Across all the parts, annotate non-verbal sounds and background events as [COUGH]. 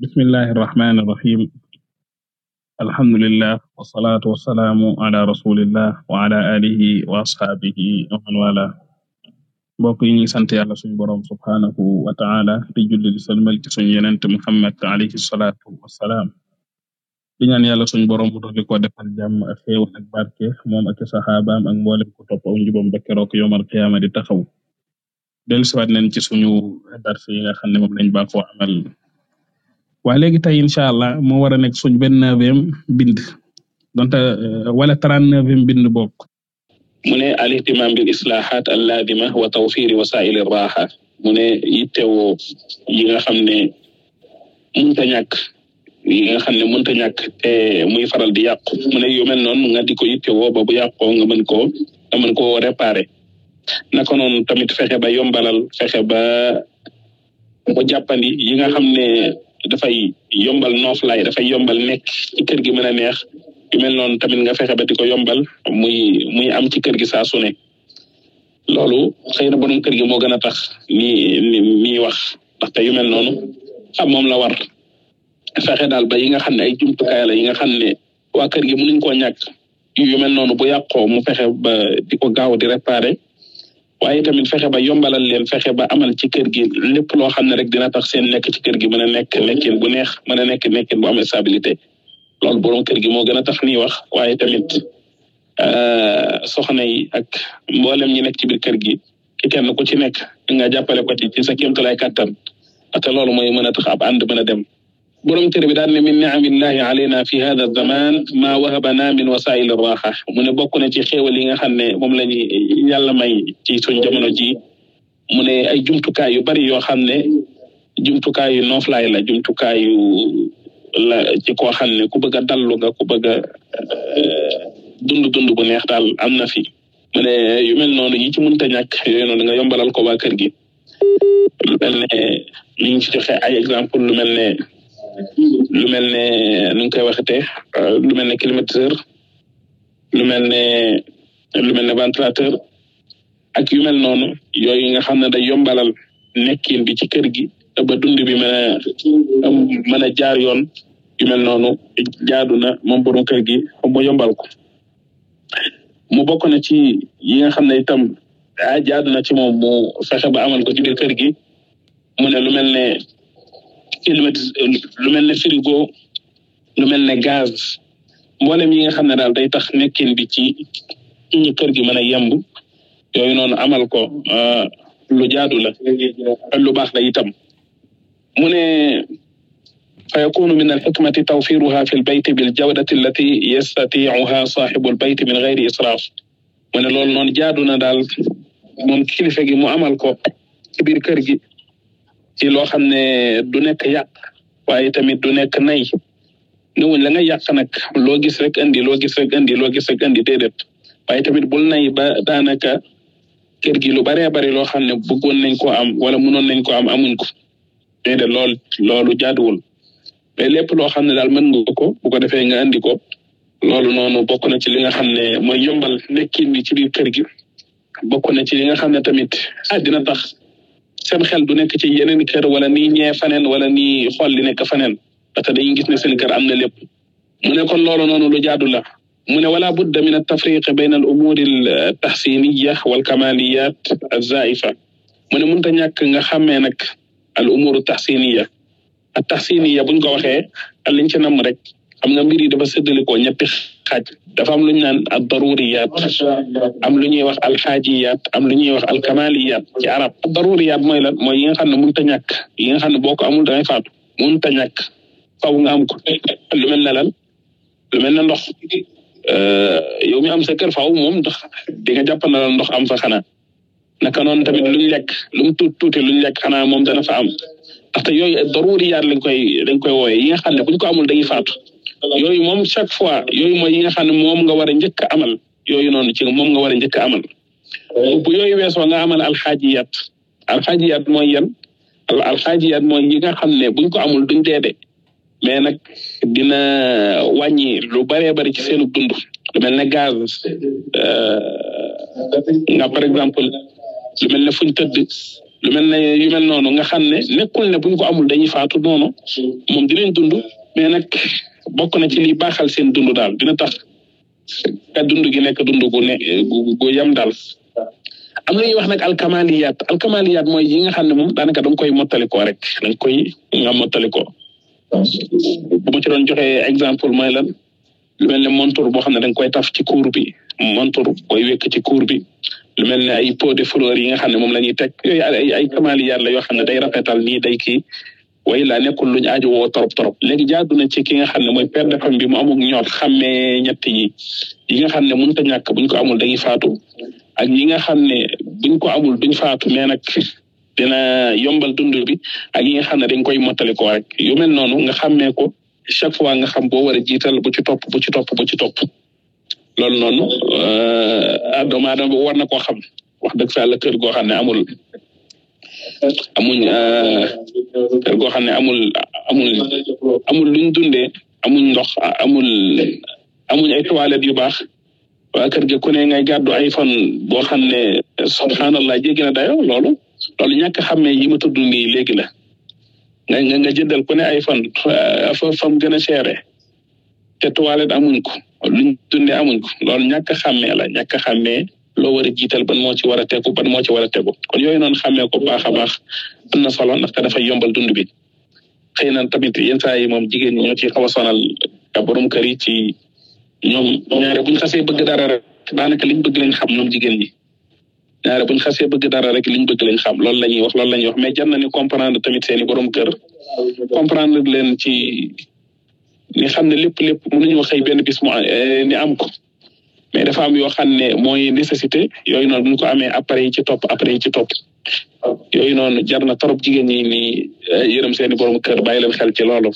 bismillahi irrahmani irrahim alhamdulilah wasalaatu wasalaamu wa ala alihi wa asxaabihi wa man wala mbokk yi ñuy sant yàlla suñu boroom subhaanahu wa taala di julli di salmal ci suñu yenent muhammad alayhi salaatu wasalaam di ñaan yàlla suñu boroom mu dolli ko defal jàmm ak xéewal ak barke moom ak saxaabaam ak mboolem taxaw dellu siwaat nañ ci suñu dars yi nga xam ne moom lañ baaxoo amal waaye léegi tey incha allah moo war a nekk suñ benn neuvième bind donte euh, wala trente neuvième bind bokk mu ne alihtimam bil islahat allaadima wa tawfiri wasaili raha mu ne yittewoo yi nga xam ne mënta ñàkk yi nga xam ne mënta ñàkk e muy faral di yàqu mu ne yu mel noonu nga di ko yittewoo ba bu yàqoo nga mën koo nga mën koo réparer naka noonu tamit fexe ba yombalal fexe ba mu jàppandi yi nga xam ne dafay yombal nooflaay dafay yombal nekk ci kër gi mën a neex yu mel noonu tamit nga fexe ba di ko yombal muy muy am ci kër gi saa su ne loolu xëy na borom kër gi moo gën a tax ni nii wax ndaxte yu mel noonu xam ah moom la war fexe daal ba yi nga xam ne ay jumtukaay la yi nga xam ne waa kër gi mënuñ koo ñàkk yu mel noonu bu yàqoo mu fexe ba di ko gaaw di réparer waaye tamit fexe ba yombalal leen fexe ba amal ci kër gi lépp loo xam ne rek dina tax seen nekk ci kër gi mën a nekk nekkin bu neex mën a nekk nekkin bu am stabilité loolu borom kër gi moo gën a tax nii wax waaye tamit euh, soxna yi ak mboolem ñi nekk ci biir kër gi ki kenn ku ci nekk nga jàppale ko ci ci sa kéemtalaay kàttan te loolu mooy mën a tax ab ànd mën a dem borom téere bi daal ne min niamillahi alayna fi hada zaman maa wahabana min wasail raxa mu ne bokk na ci xéewal yi nga xam ne moom la ñu yàlla may ci suñ jamono ji mu ne ay jumtukaay yu bari yoo xam ne jumtukaay yu nooflaay la jumtukaay yu la ci koo xam ne ku bëgg a dallu nga ku bëgg eh, dund dund bu neex daal am na fi mu ne yu mel noonu yi ci mënta ñàkk yooyu noonu nga yombalal ko waa kër gi lu mel ne ñu ay exemple lu mel ne lu mel ne nu ngi koy waxatee euh, lu mel ne climatiseur lu mel ne lu mel ne ventilateur ak yu mel noonu yooyu nga xam ne day yombalal nekkin bi ci kër gi ba dund bi mën a mën a jaar yoon yu mel noonu jaadu na moom borom kër gi mu yombal ko mu bokk na ci yi nga xam ne itam a ah, jaadu na ci moom mu fexe ba amal ko ci kër gi mu ne lu mel ne climatis mel ne frigo lu mel ne gaz mboolem yi nga xam ne daal day tax nekkin bi ci ñu kër gi mën a yemb yooyu noonu amal ko euh, lu jaadu la lu baax la itam mu ne fa yakunu min alxikmati tawfiruha fi lbayti biljawdati allati yastatiicuha saaxibu lbayti min gayri israaf mu ne loolu noonu jaadu na daal moom kilifa gi mu amal ko ci biir kër gi ci loo xam ne du nekk yàq waaye tamit du nekk nay newuñ la nga yàq nag loo gis rek indi loo gis rek indi loo gis rek indi déedéet waaye tamit bul nay ba daanaka kër gi lu baree bari loo xam ne bëggoon nañ ko am wala mënoon nañ ko am amuñ ko déedéet loolu loolu jaaduwul mais lépp loo xam ne daal mën nga ko bu ko defee nga indi ko loolu noonu bokk na ci li nga xam ne mooy yombal nekkin bi ci biir kër gi bokk na ci li nga xam ne tamit ah tax seen xel du nekk ci yeneen kër wala nii ñee faneen wala nii xool li nekk faneen parce que dañuy gis ne seen kër am na lépp mu ne kon loolu noonu lu jaadu la mu ne wala budda min altafriq bayn al umuuri al taxsiniya wal kamaliyat al zaifa mu ne mënta ñàkk nga xàmmee nag al umuuru taxsiniya al taxsiniya buñ ko waxee ak liñ ci namm rek xam nga mbir yi dafa séddalikoo ñetti xaaj dafa am luñ ñu naan ad daruriyaat am lu ñuy wax alxaajiyaat am lu ñuy wax alkamaliyaat ci arab daruriyaat mooy lan mooy yi nga xam ne mënut a ñàkk yi nga xam ne boo ko amul dangay faatu mënut ta ñàkk faw nga am ko lu mel ne lan lu mel ne ndox euh, yow mi am sa kër faw moom ndox di nga jàpp na la ndox am fa xanaa naka noonu tamit luñ lekk lu mu tuuti tuuti luñ lekk xanaa moom dana fa am ndaxte yooyu daruriyaat lañ koy dañ koy wooye yi xam ne buñ ko amul dañuy faatu yooyu moom chaque fois yooyu mooy yi nga xam ne moom nga war a njëkk amal yooyu noonu ci moom nga war a njëkk bu yooyu weesoo nga amal alxaajiyat alxaajiyat mooy yan alxaajiyat mooy yi nga xam ne buñ ko amul duñ deede mais nag dina wàññi lu baree bari ci seenu dund lu mel ne gaz euh, nga par exemple lu mel ne fuñ tëdd lu mel ne yu mel noonu nga xam ne nekkul ne buñ ko amul dañuy faatu noonu mm. moom dinañ dund mais bokk na ci li baaxal seen dund daal dina tax ka dundu gi nekk dund gu ne gu yam daal am na ñuy wax nag alkamaliyaat alkamaliyaat mooy yi nga xam ne moom daanaka danga koy mottalikoo rek danga koy nga mottalikoo bu o ci doon joxee exemple mooy lan lu mel ne montur boo xam ne danga koy taf ci cour bi montur koy wekk ci cour bi lu mel ne ay pot de fleurs yi nga xam ne moom la ñuy teg yooyu ay ay kamaliyaat la yoo xam ne day rafetal nii day kii way laa nekkul luñu aajo woo torop torop léegi jaadu na ci ki nga xam ne mooy père de famille bi mu amul ñoot xammee ñett yi yi nga xam ne mënut a ñàkk buñ ko amul dañuy faatu ak ñi nga xam ne buñ ko amul duñ faatu mais nag dina yombal dund bi ak yi nga xam ne dañ koy mottali ko rek yu mel noonu nga xammee ko chaque fois nga xam boo war a jiital bu ci topp bu ci topp bu ci topp loolu noonu euh, ah, doomu aadama war na koo xam wax dëgg fa la kër goo xam ne amul amuñ euh, koo xam ne amul amul amul luñ dundee amuñ ndox amul amuñ ay toilettes yu baax waa kër gi ku ne ngay gàddu ay fan boo xam ne subhanallah jéggi na dayo loolu loolu ñàkk xammee yi ma tudd nii léegi la nga nga nga jëndal ku ne ay fan euh, fa fam gën a seere te toilette amuñ ko luñ dundee amuñ ko loolu ñàkk xammee la ñàkk xammee loo war a jiital ban moo ci war a tegu ban moo ci war a tegu kon yooyu noonu xàmmee ko baax a baax am na solo ndax ndaxte dafay yombal dund bi xëy na tamit yenn saa yi moom jigéen ñi ñoo ciy xaw a sonal borom kër yi ci ñoom ñaare buñ xasee bëgg dara rek daanaka liñ bëgg lañ xam ñoom jigéen ñi ñaare buñ xasee bëgg dara rek liñ bëgg lañ xam loolu la ñuy wax loolu la ñuy wax mais jar na ni comprendre tamit seeni borom kër comprendre leen ci ni xam ne lépp lépp mënuñu xëy benn bis mu eh, ni am ko mais dafa am yoo xam ne mooy nécessité yooyu noonu bu ko amee appareil yi ci topp appareil yi ci topp yooyu noonu jar na trop jigéen ñi ni eh, yërëm seeni borom kër bay leen xel ci loolu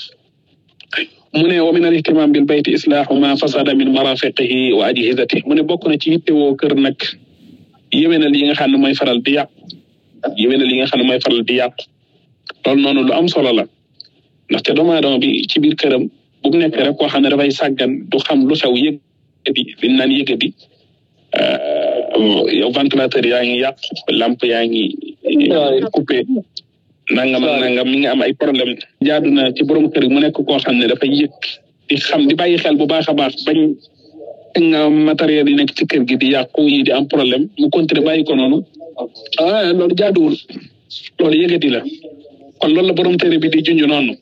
mu ne wa min al ihtimam bil bayti islaahu ma fasada min marafiqihi wa ajhizati mu ne bokk na ci yittewoo kër nag yéwénal yi nga xam ne mooy faral di yàqu yéwénal yi nga xam ne mooy faral di yàqu loolu noonu lu am solo la ndaxte doomu aadama bi ci biir këram bu mu nekk rek koo xam ne dafay sàggan du xam lu xew yëg yëkkati li ñu naan yëkkati euh, yow ventilateur yaa ngi yàq làmp yaa ngi euh, coupé nangam ak nangam mi ngi am ay problème jaadu na ci borom kër mu nekk ko xam ne dafay yëg di xam di bàyyi xel bu baax a baax bañ nga matériel yi nekk ci kër gi di yàq yi di am problème mu continuer bàyyi ko noonu ah loolu jaaduwul lool yëkkati la kon loolu la borom kër bi di junj noonu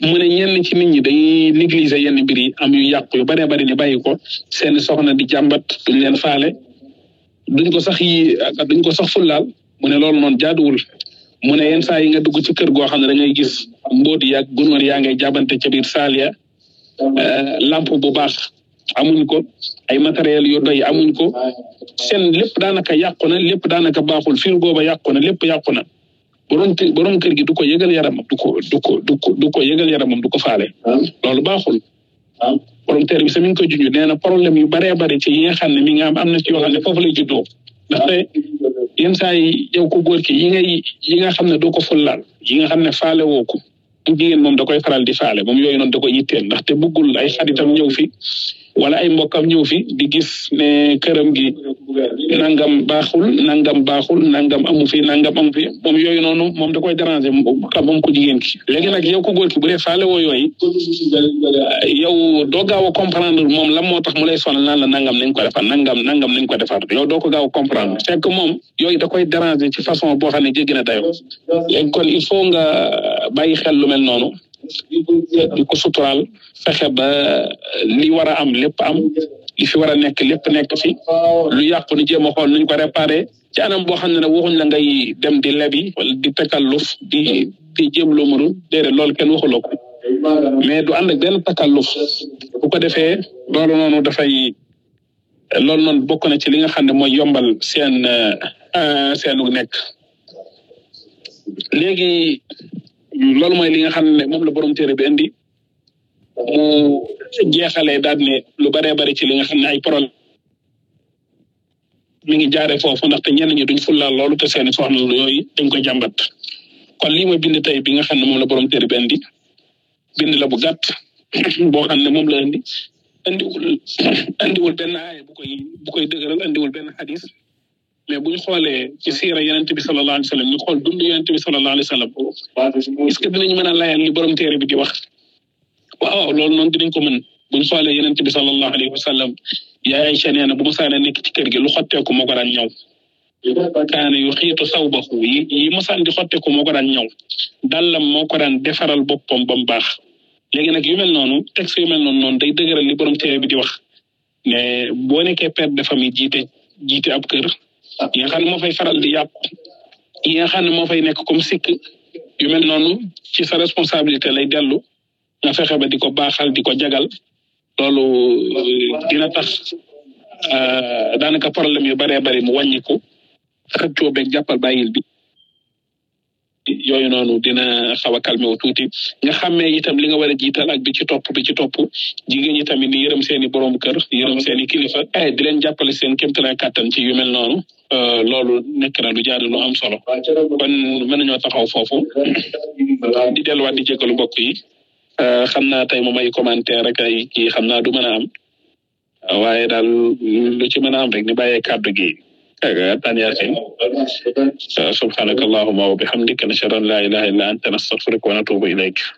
mu ne ñenn ci nit ñi dañuy négliger yenn mbir yi am yu yàqu yu baree bari ni bàyyi ko seen soxna di jàmbat duñ leen faale duñ ko sax yi duñ ko sax fullaal mu ne loolu noonu jaaduwul mu ne yenn saa yi nga dugg ci kër goo xam ne da ngay gis mbóot yaag gunóor yaa ngay jàbbante ca biir saalia euh, lamp bu baax amuñ ko ay matériel yu doy amuñ ko seen lépp daanaka yàqu na lépp daanaka baaxul fir booba yàqu na lépp yàqu na borom kër kër gi du ko yaram yaramam du ko du ko du ko du ko yëgal yaramam du ko faale. loolu baaxul. borom teer bi sax mi ngi koy junj nee na problème yu baree bari ci yi nga xam ne mi nga am am na ci yoo xam ne foofu lay juddoo. ndaxte yenn saa yi ko góor ki yi ngay yi nga xam ne doo ko fullaal yi nga xam ne faale woo ko. jigéen moom da koy faral di faale moom yooyu noonu da koy yitteel ndaxte bëggul ay xaritam ñëw fi wala ay mbokkam ñëw fi di gis ne këram gi nangam baaxul nangam baaxul nangam amu fi nangam amu fi moom yooyu noonu moom da koy déranger ka moom ku jigéen ki léegi nag yow ku góor ki bu dee faale woo yooyu yow doo gaaw a comprendre moom lan moo tax mu lay sonal naan la nangam nañ ko defar nangam nangam nañ ko defar yow doo ko gaaw a comprendre fekk moom yooyu da koy déranger ci façon boo xam ne jéggi na dayo léegi kon il faut nga bàyyi xel lu mel noonu di ko suturaal fexe ba eh, li war a am lépp am li fi war a nekk lépp nekk fi lu yàqu ni jéem a xool nuñ ko réparé ci anam boo xam ne ne waxuñ la ngay dem di lebi wala di takalluf di di jéem loo mënul déedéet loolu kenn waxuloo ko mais du ànd ak benn takalluf bu ko defee loolu noonu dafay loolu noonu bokk na ci li nga xam ne mooy yombal seen eh, eh, seenu nekk léegi loolu mooy li nga xam ne moom la borom téere bi indi mu jeexalee daal ne lu baree bari ci li nga xam ne ay problème mi ngi jaaree foofu ndaxte ñenn ñu duñ fullaal loolu seene te seeni soxna yooy dañ koy jàmbat kon lii mooy bind tey bi nga xam ne moom la borom téere bi andi bind la bu gàtt [CLEARS THROAT] boo xam ne moom la indi indiwul indiwul [CLEARS THROAT] benn aaya bu koy bu koy dëgëral indiwul benn xadis mais bu ñu xoolee ci siira yonent bi sallallahu alayhi wa sallam ñu xool dund yonent bi sallallahu alayhi wa sallam est-ce que mën a layal li borom téere bi di wax wa waaw loolu noonu dinañ ko mën bu ñu xoolee yonent bi sallallahu alayhi wa sallam yaa Aysa nee na bu ma saana nekk ci kër gi lu xotteeku moo ko daan ñëw kaane yu xiitu sawbahu yi yi mosaan di xotteeku moo ko daan ñëw dàllam moo ko daan defaral boppam ba mu baax léegi nag yu mel noonu tek yu mel noonu noonu day dëgëral li borom téere bi di wax mais boo nekkee père de famille jiite jiite ab kër yi nga xam moo fay faral di yàpp yi nga xam ne moo fay nekk comme sikk yu mel noonu ci sa responsabilité lay dellu nga fexe ba di baaxal di ko jagal loolu euh, dina tax euh, daanaka problème yu baree bari mu wàññiku xëccoo beeg jàppal bàyyil bi yooyu noonu dina xaw a calmé wu tuuti nga xàmmee itam li nga war a jiital ak bi ci topp bi ci topp jigéen ñi tamit di yërëm borom kër yërëm seeni i kilifa e di leen jàppale seen kéemtalaay kàttan ci yu mel noonu euh, loolu nekk na lu jaar lu am solo kon mën nañoo taxaw foofu [COUGHS] di delluwaat di jégalu mbokk yi euh, xam naa tey moom ay commentaire rek ay kii xam naa du mën a am waaye daal lu ci mën a am rek ni bàyyee kàddu gi أغاتاني أخي سبحانك اللهم وبحمدك نشهد أن لا إله إلا أنت نستغفرك ونتوب إليك